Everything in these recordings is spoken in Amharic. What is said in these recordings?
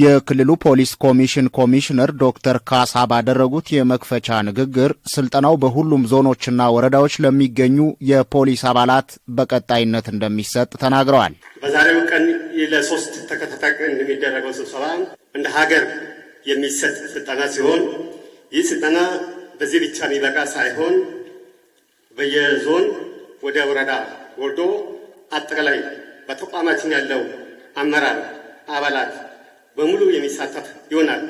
የክልሉ ፖሊስ ኮሚሽን ኮሚሽነር ዶክተር ካሳ ባደረጉት የመክፈቻ ንግግር ስልጠናው በሁሉም ዞኖችና ወረዳዎች ለሚገኙ የፖሊስ አባላት በቀጣይነት እንደሚሰጥ ተናግረዋል። በዛሬው ቀን ለሶስት ተከታታይ ቀን እንደሚደረገው ስብሰባ እንደ ሀገር የሚሰጥ ስልጠና ሲሆን ይህ ስልጠና በዚህ ብቻ የሚበቃ ሳይሆን በየዞን ወደ ወረዳ ወርዶ አጠቃላይ በተቋማችን ያለው አመራር አባላት በሙሉ የሚሳተፍ ይሆናል።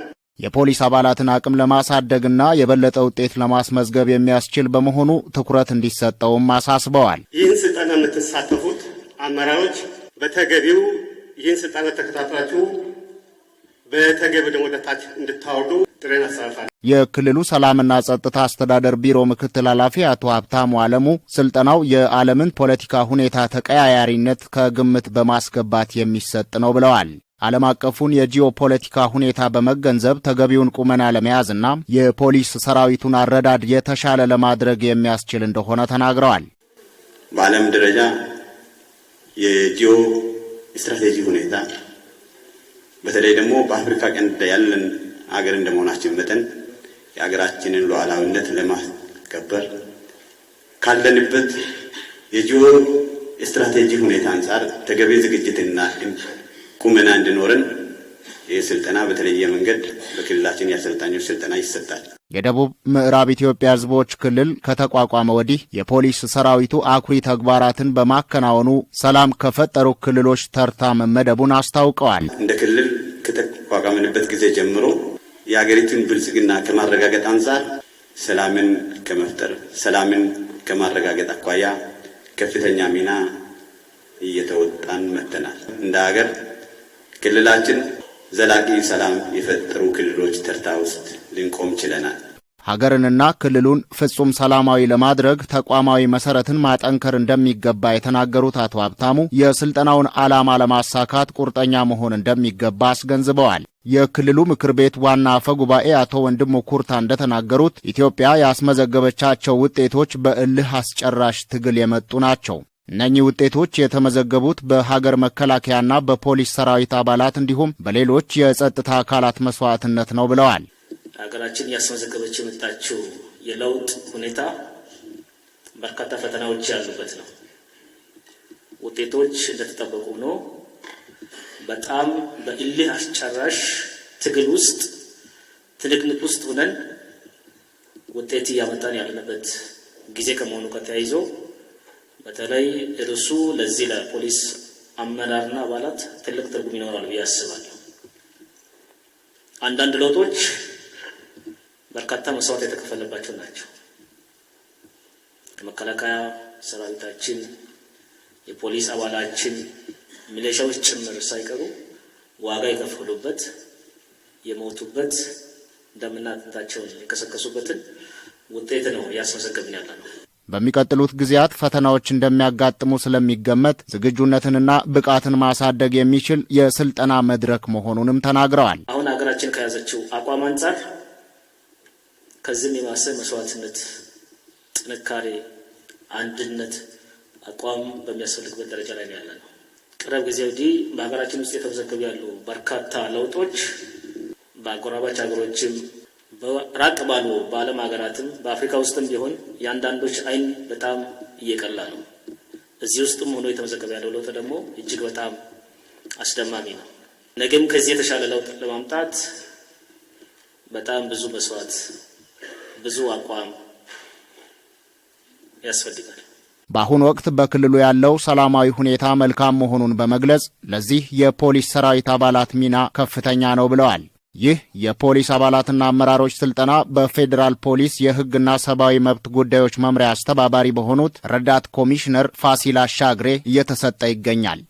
የፖሊስ አባላትን አቅም ለማሳደግና የበለጠ ውጤት ለማስመዝገብ የሚያስችል በመሆኑ ትኩረት እንዲሰጠውም አሳስበዋል። ይህን ስልጠና የምትሳተፉት አመራሮች በተገቢው ይህን ስልጠና ተከታትላችሁ በተገቢ ደግሞ ለታች እንድታወርዱ ጥሬን አሳልፋል። የክልሉ ሰላምና ጸጥታ አስተዳደር ቢሮ ምክትል ኃላፊ አቶ ሀብታሙ አለሙ ስልጠናው የዓለምን ፖለቲካ ሁኔታ ተቀያያሪነት ከግምት በማስገባት የሚሰጥ ነው ብለዋል። ዓለም አቀፉን የጂኦ ፖለቲካ ሁኔታ በመገንዘብ ተገቢውን ቁመና ለመያዝና የፖሊስ ሰራዊቱን አረዳድ የተሻለ ለማድረግ የሚያስችል እንደሆነ ተናግረዋል። በዓለም ደረጃ የጂኦ ስትራቴጂ ሁኔታ በተለይ ደግሞ በአፍሪካ ቀንድ ያለን አገር እንደመሆናችን መጠን የሀገራችንን ሉዓላዊነት ለማስከበር ካለንበት የጂኦ ስትራቴጂ ሁኔታ አንጻር ተገቢ ዝግጅትና ቁመና እንድኖርን ይህ ስልጠና በተለየ መንገድ በክልላችን የአሰልጣኞች ስልጠና ይሰጣል። የደቡብ ምዕራብ ኢትዮጵያ ሕዝቦች ክልል ከተቋቋመ ወዲህ የፖሊስ ሰራዊቱ አኩሪ ተግባራትን በማከናወኑ ሰላም ከፈጠሩ ክልሎች ተርታ መመደቡን አስታውቀዋል። እንደ ክልል ከተቋቋመንበት ጊዜ ጀምሮ የአገሪቱን ብልጽግና ከማረጋገጥ አንጻር ሰላምን ከመፍጠር ሰላምን ከማረጋገጥ አኳያ ከፍተኛ ሚና እየተወጣን መጥተናል እንደ ሀገር ክልላችን ዘላቂ ሰላም የፈጠሩ ክልሎች ተርታ ውስጥ ልንቆም ችለናል። ሀገርንና ክልሉን ፍጹም ሰላማዊ ለማድረግ ተቋማዊ መሰረትን ማጠንከር እንደሚገባ የተናገሩት አቶ ሀብታሙ የስልጠናውን ዓላማ ለማሳካት ቁርጠኛ መሆን እንደሚገባ አስገንዝበዋል። የክልሉ ምክር ቤት ዋና አፈ ጉባኤ አቶ ወንድሙ ኩርታ እንደተናገሩት ኢትዮጵያ ያስመዘገበቻቸው ውጤቶች በእልህ አስጨራሽ ትግል የመጡ ናቸው። እነኚህ ውጤቶች የተመዘገቡት በሀገር መከላከያና በፖሊስ ሰራዊት አባላት እንዲሁም በሌሎች የጸጥታ አካላት መስዋዕትነት ነው ብለዋል። ሀገራችን እያስመዘገበች የመጣችው የለውጥ ሁኔታ በርካታ ፈተናዎች ያሉበት ነው። ውጤቶች እንደተጠበቁ ነው። በጣም በእልህ አስጨራሽ ትግል ውስጥ ትንቅንቅ ውስጥ ሆነን ውጤት እያመጣን ያለንበት ጊዜ ከመሆኑ ጋር ተያይዞ በተለይ እርሱ ለዚህ ለፖሊስ አመራርና አባላት ትልቅ ትርጉም ይኖራል ብዬ አስባለሁ። አንዳንድ ለውጦች በርካታ መስዋዕት የተከፈለባቸው ናቸው። ከመከላከያ ሰራዊታችን፣ የፖሊስ አባላችን፣ ሚሊሻዎች ጭምር ሳይቀሩ ዋጋ የከፈሉበት የሞቱበት፣ ደምና አጥንታቸውን የከሰከሱበትን ውጤት ነው እያስመዘገብን ያለ ነው። በሚቀጥሉት ጊዜያት ፈተናዎች እንደሚያጋጥሙ ስለሚገመት ዝግጁነትንና ብቃትን ማሳደግ የሚችል የስልጠና መድረክ መሆኑንም ተናግረዋል። አሁን ሀገራችን ከያዘችው አቋም አንጻር ከዚህም የማሰ መስዋዕትነት፣ ጥንካሬ፣ አንድነት አቋም በሚያስፈልግበት ደረጃ ላይ ያለ ነው። ቅርብ ጊዜ ወዲህ በሀገራችን ውስጥ የተመዘገቡ ያሉ በርካታ ለውጦች በአጎራባች ሀገሮችም ራቅ ባሉ በዓለም ሀገራትም በአፍሪካ ውስጥም ቢሆን የአንዳንዶች አይን በጣም እየቀላ ነው። እዚህ ውስጥም ሆኖ የተመዘገበ ያለው ለውጥ ደግሞ እጅግ በጣም አስደማሚ ነው። ነገም ከዚህ የተሻለ ለውጥ ለማምጣት በጣም ብዙ መስዋዕት፣ ብዙ አቋም ያስፈልጋል። በአሁኑ ወቅት በክልሉ ያለው ሰላማዊ ሁኔታ መልካም መሆኑን በመግለጽ ለዚህ የፖሊስ ሰራዊት አባላት ሚና ከፍተኛ ነው ብለዋል። ይህ የፖሊስ አባላትና አመራሮች ስልጠና በፌዴራል ፖሊስ የሕግና ሰብአዊ መብት ጉዳዮች መምሪያ አስተባባሪ በሆኑት ረዳት ኮሚሽነር ፋሲል አሻግሬ እየተሰጠ ይገኛል።